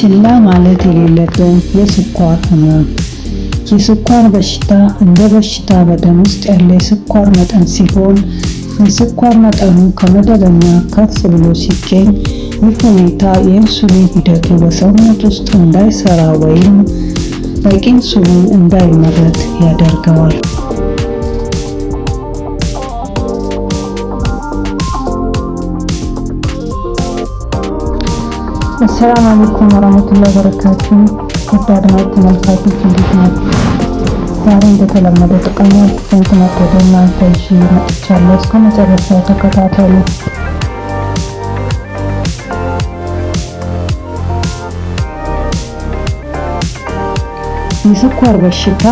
ችላ ማለት የሌለብን የስኳር ህመም። የስኳር በሽታ እንደ በሽታ በደም ውስጥ ያለ የስኳር መጠን ሲሆን የስኳር መጠኑ ከመደበኛ ከፍ ብሎ ሲገኝ ይህ ሁኔታ የኢንሱሊን ሂደቱ በሰውነት ውስጥ እንዳይሰራ ወይም በቂ ኢንሱሊን እንዳይመረት ያደርገዋል። ሰላም አለይኩም ወራህመቱላሂ ወበረካቱ። አድማጭ ተመልካቾች እንዴት ናችሁ? ዛሬ እንደተለመደው ጥቅም ሰንትነት ወደ እናንተ ይዤ መጥቻለሁ። እስከ መጨረሻው ተከታተሉ። የስኳር በሽታ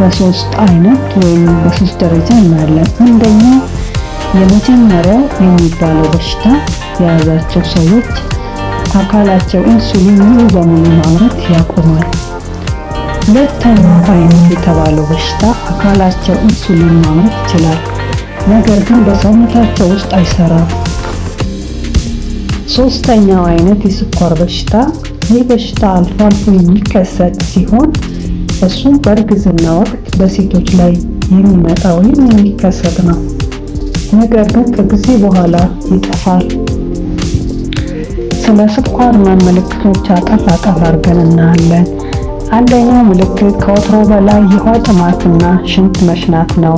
በሶስት አይነት ወይም በሶስት ደረጃ እናያለን። አንደኛ የመጀመሪያው የሚባለው በሽታ የያዛቸው ሰዎች አካላቸው ኢንሱሊን ሙሉ በሙሉ ማምረት ያቆማል። ሁለተኛው አይነት የተባለው በሽታ አካላቸው ኢንሱሊን ማምረት ይችላል፣ ነገር ግን በሰውነታቸው ውስጥ አይሰራም። ሶስተኛው አይነት የስኳር በሽታ ይህ በሽታ አልፎ አልፎ የሚከሰት ሲሆን እሱም በእርግዝና ወቅት በሴቶች ላይ የሚመጣ ወይም የሚከሰት ነው። ነገር ግን ከጊዜ በኋላ ይጠፋል። ስለ ስኳር ህመም ምልክቶች አጠር አጠር አድርገን እናያለን። አንደኛው ምልክት ከወትሮ በላይ የውሃ ጥማትና ሽንት መሽናት ነው።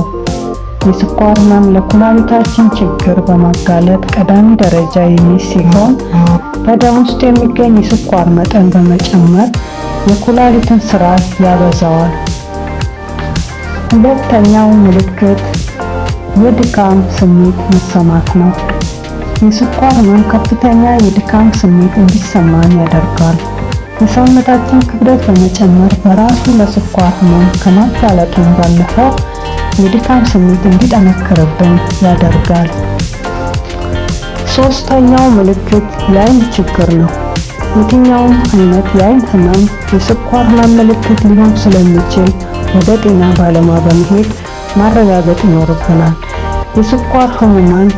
የስኳር ህመም ለኩላሊታችን ችግር በማጋለጥ ቀዳሚ ደረጃ የሚይዝ ሲሆን በደም ውስጥ የሚገኝ የስኳር መጠን በመጨመር የኩላሊትን ስርዓት ያበዛዋል። ሁለተኛው ምልክት የድካም ስሜት መሰማት ነው። የስኳር ህመም ከፍተኛ የድካም ስሜት እንዲሰማን ያደርጋል። የሰውነታችን ክብደት በመጨመር በራሱ ለስኳር ህመም ከማጋለጡን ባለፈው የድካም ስሜት እንዲጠነክርብን ያደርጋል። ሶስተኛው ምልክት የአይን ችግር ነው። የትኛውም አይነት የአይን ህመም የስኳር ህመም ምልክት ሊሆን ስለሚችል ወደ ጤና ባለሙያ በመሄድ ማረጋገጥ ይኖርብናል። የስኳር ህሙማን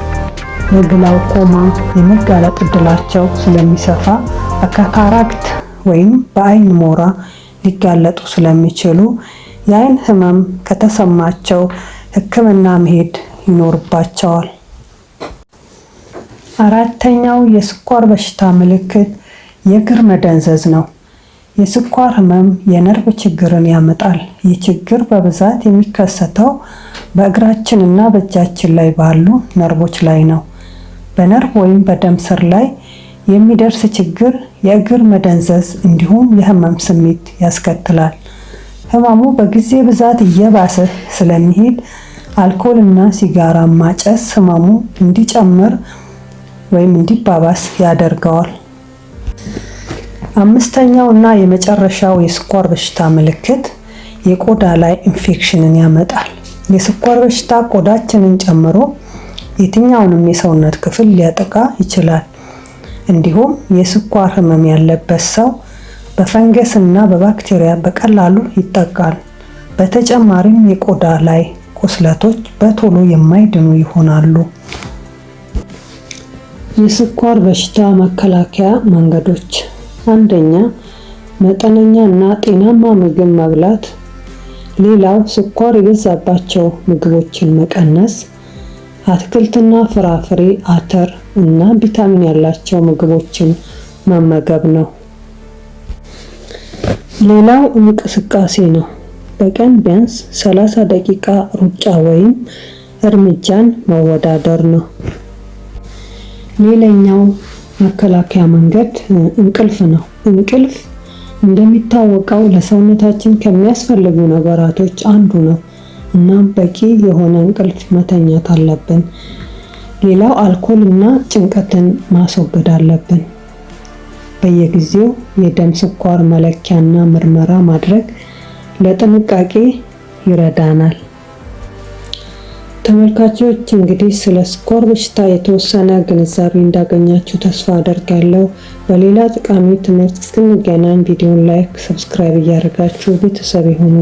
ለግላውኮማ የመጋለጥ እድላቸው ስለሚሰፋ በካታራክት ወይም በአይን ሞራ ሊጋለጡ ስለሚችሉ የአይን ህመም ከተሰማቸው ህክምና መሄድ ይኖርባቸዋል። አራተኛው የስኳር በሽታ ምልክት የእግር መደንዘዝ ነው። የስኳር ህመም የነርቭ ችግርን ያመጣል። ይህ ችግር በብዛት የሚከሰተው በእግራችን እና በእጃችን ላይ ባሉ ነርቦች ላይ ነው። በነርቭ ወይም በደም ስር ላይ የሚደርስ ችግር የእግር መደንዘዝ እንዲሁም የህመም ስሜት ያስከትላል። ህመሙ በጊዜ ብዛት እየባሰ ስለሚሄድ አልኮል እና ሲጋራ ማጨስ ህመሙ እንዲጨምር ወይም እንዲባባስ ያደርገዋል። አምስተኛው እና የመጨረሻው የስኳር በሽታ ምልክት የቆዳ ላይ ኢንፌክሽንን ያመጣል። የስኳር በሽታ ቆዳችንን ጨምሮ የትኛውንም የሰውነት ክፍል ሊያጠቃ ይችላል። እንዲሁም የስኳር ህመም ያለበት ሰው በፈንገስ እና በባክቴሪያ በቀላሉ ይጠቃል። በተጨማሪም የቆዳ ላይ ቁስለቶች በቶሎ የማይድኑ ይሆናሉ። የስኳር በሽታ መከላከያ መንገዶች፣ አንደኛ መጠነኛ እና ጤናማ ምግብ መብላት፣ ሌላው ስኳር የበዛባቸው ምግቦችን መቀነስ አትክልትና ፍራፍሬ፣ አተር እና ቪታሚን ያላቸው ምግቦችን መመገብ ነው። ሌላው እንቅስቃሴ ነው። በቀን ቢያንስ 30 ደቂቃ ሩጫ ወይም እርምጃን መወዳደር ነው። ሌላኛው መከላከያ መንገድ እንቅልፍ ነው። እንቅልፍ እንደሚታወቀው ለሰውነታችን ከሚያስፈልጉ ነገራቶች አንዱ ነው። እና በቂ የሆነ እንቅልፍ መተኛት አለብን። ሌላው አልኮል እና ጭንቀትን ማስወገድ አለብን። በየጊዜው የደም ስኳር መለኪያና ምርመራ ማድረግ ለጥንቃቄ ይረዳናል። ተመልካቾች እንግዲህ ስለ ስኳር በሽታ የተወሰነ ግንዛቤ እንዳገኛችሁ ተስፋ አደርጋለሁ። በሌላ ጠቃሚ ትምህርት እስክንገናኝ ቪዲዮን ላይክ፣ ሰብስክራይብ እያደረጋችሁ ቤተሰብ ይሁኑ።